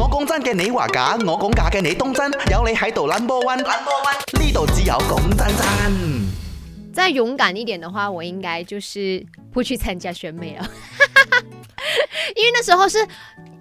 我講真嘅你話假，我講假嘅你當真，有你喺度 number one，number one。呢度只有講真真。再勇敢一點的話，我應該就是不去參加選美啦， 因為那時候是。